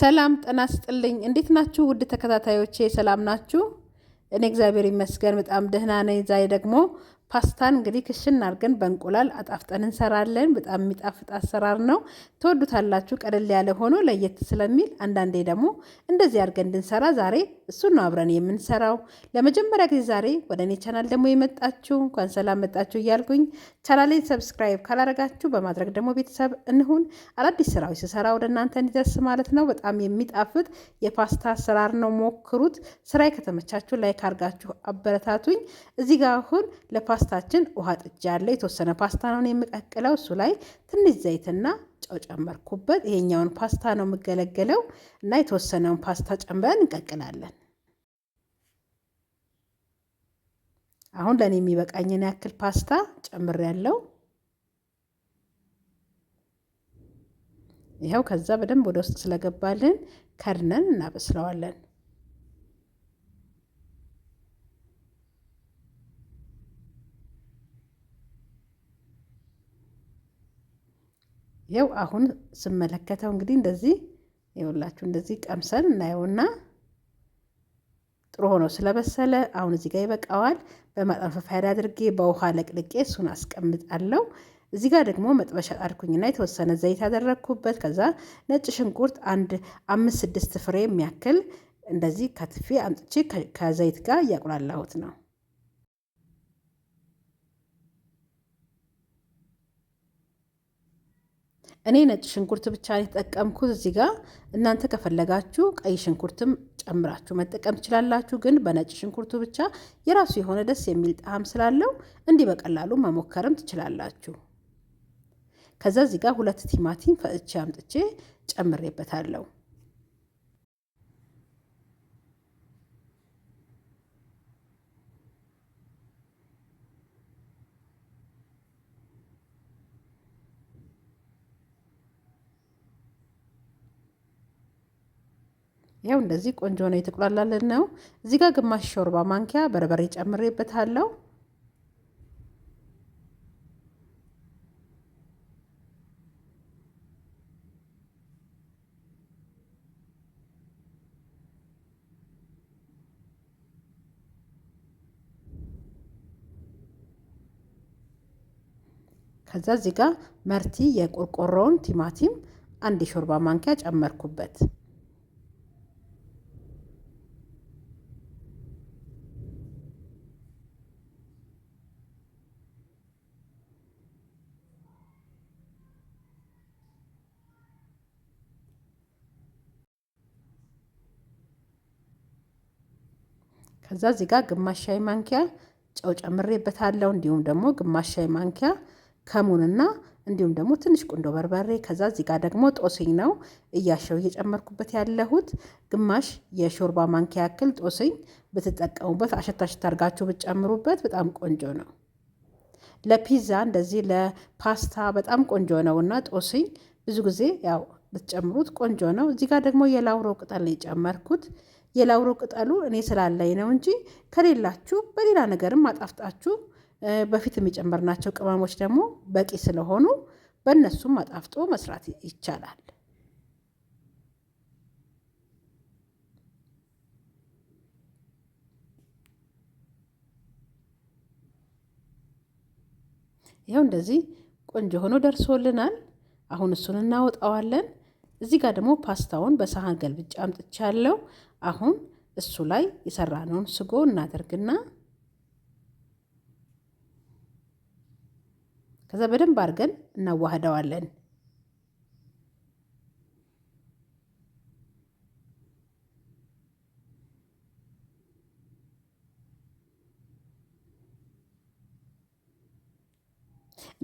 ሰላም ጤና ይስጥልኝ። እንዴት ናችሁ ውድ ተከታታዮቼ? ሰላም ናችሁ? እኔ እግዚአብሔር ይመስገን በጣም ደህና ነኝ። ዛሬ ደግሞ ፓስታን እንግዲህ ክሽን አድርገን በእንቁላል አጣፍጠን እንሰራለን። በጣም የሚጣፍጥ አሰራር ነው፣ ትወዱታላችሁ። ቀለል ያለ ሆኖ ለየት ስለሚል አንዳንዴ ደግሞ እንደዚህ አድርገን እንድንሰራ ዛሬ እሱን ነው አብረን የምንሰራው። ለመጀመሪያ ጊዜ ዛሬ ወደ እኔ ቻናል ደግሞ የመጣችሁ እንኳን ሰላም መጣችሁ እያልኩኝ ቻናሌን ሰብስክራይብ ካላረጋችሁ በማድረግ ደግሞ ቤተሰብ እንሁን። አዳዲስ ስራዎች ስሰራ ወደ እናንተ እንዲደርስ ማለት ነው። በጣም የሚጣፍጥ የፓስታ አሰራር ነው፣ ሞክሩት። ስራዬ ከተመቻችሁ ላይክ አድርጋችሁ አበረታቱኝ። እዚህ ጋር አሁን ለፓ ፓስታችን ውሃ ጥጃ ያለ የተወሰነ ፓስታ ነው የምቀቅለው። እሱ ላይ ትንሽ ዘይትና ጨው ጨመርኩበት። ይሄኛውን ፓስታ ነው የምገለገለው እና የተወሰነውን ፓስታ ጨምረን እንቀቅላለን። አሁን ለእኔ የሚበቃኝን ያክል ፓስታ ጨምር ያለው ይኸው። ከዛ በደንብ ወደ ውስጥ ስለገባልን ከድነን እናበስለዋለን። ይኸው አሁን ስመለከተው እንግዲህ እንደዚህ ይኸውላችሁ እንደዚህ ቀምሰን እናየውና ጥሩ ሆኖ ስለበሰለ አሁን እዚህ ጋር ይበቃዋል። በማጠንፈፊያ አድርጌ በውሃ ለቅልቄ እሱን አስቀምጣለሁ። እዚህ ጋር ደግሞ መጥበሻ ጣድኩኝና የተወሰነ ዘይት ያደረግኩበት ከዛ ነጭ ሽንኩርት አንድ አምስት ስድስት ፍሬ የሚያክል እንደዚህ ከትፌ አምጥቼ ከዘይት ጋር እያቁላላሁት ነው። እኔ ነጭ ሽንኩርት ብቻ የተጠቀምኩት እዚህ ጋ። እናንተ ከፈለጋችሁ ቀይ ሽንኩርትም ጨምራችሁ መጠቀም ትችላላችሁ። ግን በነጭ ሽንኩርቱ ብቻ የራሱ የሆነ ደስ የሚል ጣዕም ስላለው እንዲህ በቀላሉ መሞከርም ትችላላችሁ። ከዛ እዚህ ጋ ሁለት ቲማቲም ፈጭቼ አምጥቼ ጨምሬበታለሁ። ያው እንደዚህ ቆንጆ ነው የተቁላላልን ነው። እዚህ ጋር ግማሽ ሾርባ ማንኪያ በርበሬ ጨምሬበታለሁ። ከዛ እዚህ ጋር መርቲ የቆርቆሮውን ቲማቲም አንድ የሾርባ ማንኪያ ጨመርኩበት። ከዛ እዚህ ጋር ግማሽ ሻይ ማንኪያ ጨው ጨምሬበታለሁ። እንዲሁም ደግሞ ግማሽ ሻይ ማንኪያ ከሙንና እንዲሁም ደግሞ ትንሽ ቁንዶ በርበሬ ከዛ እዚህ ጋር ደግሞ ጦስኝ ነው እያሸው እየጨመርኩበት ያለሁት። ግማሽ የሾርባ ማንኪያ ያክል ጦስኝ ብትጠቀሙበት፣ አሸታሽት አድርጋችሁ ብትጨምሩበት በጣም ቆንጆ ነው። ለፒዛ እንደዚህ ለፓስታ በጣም ቆንጆ ነው እና ጦስኝ ብዙ ጊዜ ያው ብትጨምሩት ቆንጆ ነው። እዚህ ጋር ደግሞ የላውሮ ቅጠል የጨመርኩት የላውሮ ቅጠሉ እኔ ስላለኝ ነው እንጂ ከሌላችሁ በሌላ ነገርም አጣፍጣችሁ በፊት የሚጨመርናቸው ቅመሞች ደግሞ በቂ ስለሆኑ በእነሱም አጣፍጦ መስራት ይቻላል። ይኸው እንደዚህ ቆንጆ ሆኖ ደርሶልናል። አሁን እሱን እናወጣዋለን። እዚህ ጋር ደግሞ ፓስታውን በሳህን ገልብጬ አምጥቻለሁ። አሁን እሱ ላይ የሰራነውን ስጎ እናደርግና ከዛ በደንብ አድርገን እናዋህደዋለን።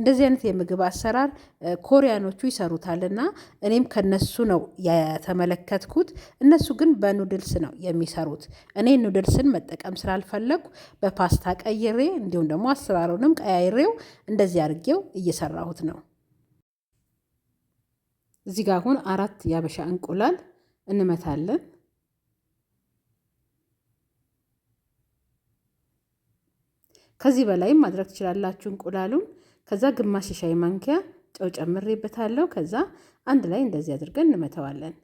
እንደዚህ አይነት የምግብ አሰራር ኮሪያኖቹ ይሰሩታልና እኔም ከነሱ ነው የተመለከትኩት። እነሱ ግን በኑድልስ ነው የሚሰሩት። እኔ ኑድልስን መጠቀም ስላልፈለግኩ በፓስታ ቀይሬ እንዲሁም ደግሞ አሰራሩንም ቀያይሬው እንደዚህ አድርጌው እየሰራሁት ነው። እዚህ ጋር አሁን አራት የአበሻ እንቁላል እንመታለን። ከዚህ በላይም ማድረግ ትችላላችሁ እንቁላሉን ከዛ ግማሽ የሻይ ማንኪያ ጨው ጨምሬበታለሁ። ከዛ አንድ ላይ እንደዚህ አድርገን እንመተዋለን።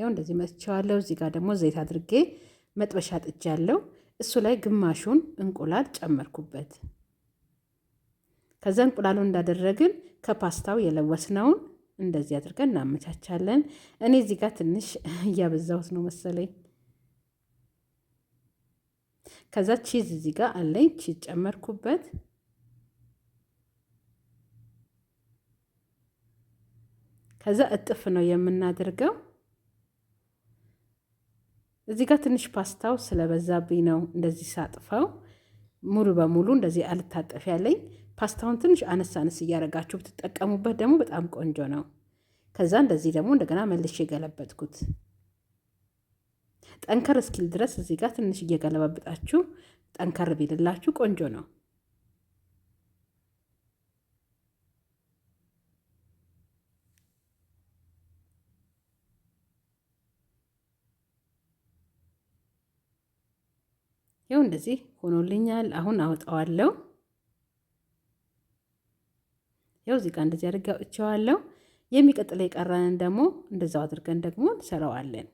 ያው እንደዚህ መትቸዋለሁ። እዚህ ጋር ደግሞ ዘይት አድርጌ መጥበሻ ጥጃለሁ። እሱ ላይ ግማሹን እንቁላል ጨመርኩበት። ከዛ እንቁላሉን እንዳደረግን ከፓስታው የለወስነውን እንደዚህ አድርገን እናመቻቻለን። እኔ እዚህ ጋር ትንሽ እያበዛሁት ነው መሰለኝ። ከዛ ቺዝ እዚህ ጋር አለኝ። ቺዝ ጨመርኩበት። ከዛ እጥፍ ነው የምናደርገው። እዚህ ጋር ትንሽ ፓስታው ስለበዛብኝ ነው እንደዚህ ሳጥፈው ሙሉ በሙሉ እንደዚህ አልታጠፍ ያለኝ። ፓስታውን ትንሽ አነስ አነስ እያደረጋችሁ ብትጠቀሙበት ደግሞ በጣም ቆንጆ ነው። ከዛ እንደዚህ ደግሞ እንደገና መልሼ የገለበጥኩት ጠንከር እስኪል ድረስ እዚህ ጋር ትንሽ እየገለባብጣችሁ ጠንከር ቢልላችሁ ቆንጆ ነው። ይኸው እንደዚህ ሆኖልኛል። አሁን አወጣዋለሁ። ይኸው እዚህ ጋር እንደዚህ አድርጌ አውጥቼዋለሁ። የሚቀጥለው የቀረንን ደግሞ እንደዛው አድርገን ደግሞ እንሰራዋለን።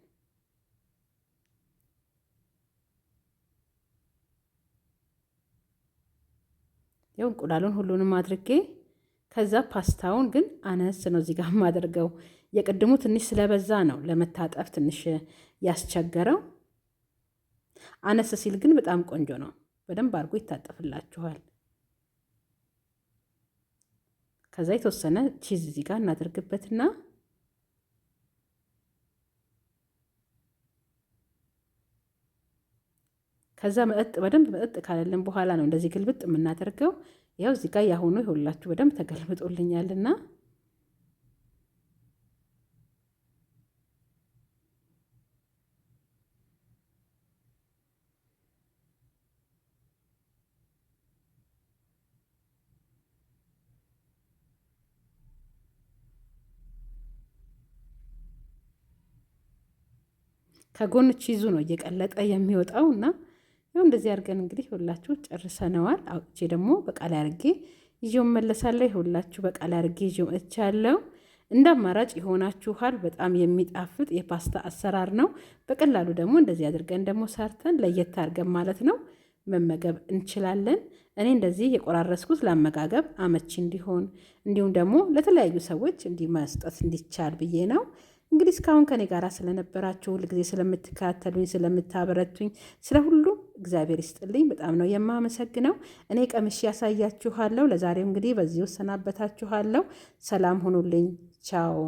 ያው እንቁላሉን ሁሉንም አድርጌ ከዛ ፓስታውን ግን አነስ ነው እዚጋ የማደርገው። የቅድሙ ትንሽ ስለበዛ ነው ለመታጠፍ ትንሽ ያስቸገረው። አነስ ሲል ግን በጣም ቆንጆ ነው። በደንብ አድርጎ ይታጠፍላችኋል። ከዛ የተወሰነ ቺዝ እዚጋ እናደርግበትና ከዛ መጥ በደንብ መጠጥ ካለልን በኋላ ነው እንደዚህ ግልብጥ የምናደርገው። ያው እዚህ ጋር ያሁኑ ይሁላችሁ በደንብ ተገልብጦልኛልና ከጎን ቺዙ ነው እየቀለጠ የሚወጣው እና ያው እንደዚህ አድርገን እንግዲህ ሁላችሁ ጨርሰነዋል። አውጥቼ ደግሞ በቃ ላይ አድርጌ ይዤው መለሳለሁ። ሁላችሁ በቃ ላይ አድርጌ ይዤው እቻለሁ። እንደ አማራጭ ይሆናችኋል። በጣም የሚጣፍጥ የፓስታ አሰራር ነው። በቀላሉ ደግሞ እንደዚህ አድርገን ደግሞ ሰርተን ለየት አድርገን ማለት ነው መመገብ እንችላለን። እኔ እንደዚህ የቆራረስኩት ለአመጋገብ አመቺ እንዲሆን እንዲሁም ደግሞ ለተለያዩ ሰዎች እንዲህ መስጠት እንዲቻል ብዬ ነው። እንግዲህ እስካሁን ከኔ ጋር ስለነበራችሁ፣ ሁልጊዜ ስለምትከታተሉኝ፣ ስለምታበረቱኝ፣ ስለ ሁሉ እግዚአብሔር ይስጥልኝ። በጣም ነው የማመሰግነው። እኔ ቀምሽ ያሳያችኋለሁ። ለዛሬው እንግዲህ በዚህ ወሰናበታችኋለሁ። ሰላም ሁኑልኝ። ቻው